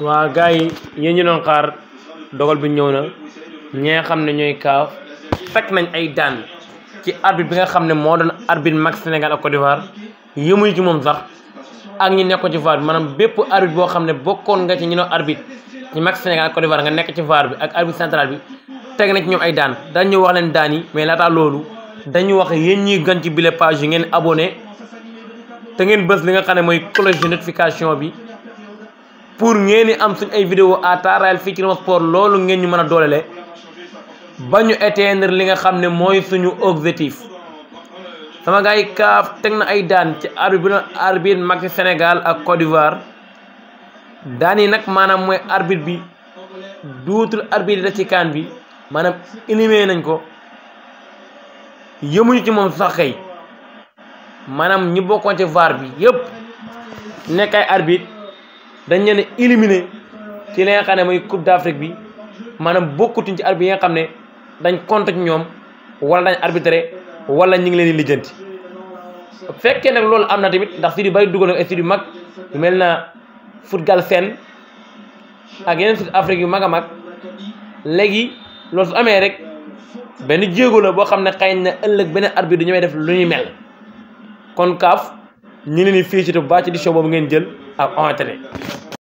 waa gars yi yéen ñu doon xaar dogal bi ñëw na ñi nga xam ne ñooy kaaf fekk nañ ay daan ci arbitre bi nga xam ne moo doon arbitre mag Sénégal ak Côte d'Ivoire yëmuñu ci moom sax ak ñi nekkoon ci VAR bi maanaam bépp arbitre boo xam ne bokkoon nga ci ñu doon arbitre ci mag Sénégal ak Côte d'Ivoire nga nekk ci VAR bi ak arbitre central bi teg nañ ci ñoom ay daan ñu wax leen daan yi mais laataa loolu dañu wax yéen ñuy gan ci bile page yi ngeen abonné te ngeen bës li nga xam ne mooy cloche de notification bi pour ngeen di am suñ ay vidéo à temps fii ci Rmo Sport loolu ngeen ñu mën a doolele ba ñu atteindre li nga xam ne mooy suñu objectif sama gars yi kaaf teg na ay daan ci arbitre arbitre mag ci Sénégal ak Côte d'Ivoire daan yi nag maanaam mooy arbitre bi duutul arbitre da ci kaan bi maanaam éliminé nañ ko yëmuñu ci moom sax xëy maanaam ñi bokkoon ci VAR bi yëpp nekk ay dañ leen a éliminé ci li xam ne mooy coupe d'Afrique bi maanaam bokkutuñ ci arbitre yi nga xam ne dañ compte ak ñoom wala dañ arbitré wala ñu ngi leen di lijjanti fekkee nag loolu am na tamit ndax studio bari dugg na ay studio mag yu mel na footgal sen ak yeneen sud Afrique yu mag a mag léegi lool su amee rek benn jéego la boo xam ne xëy na ëllëg beneen arbitre du ñëwee def lu ñuy mel kon kaaf ñu leen di félicité bu baax ci décision boobu ngeen jël of Anthony.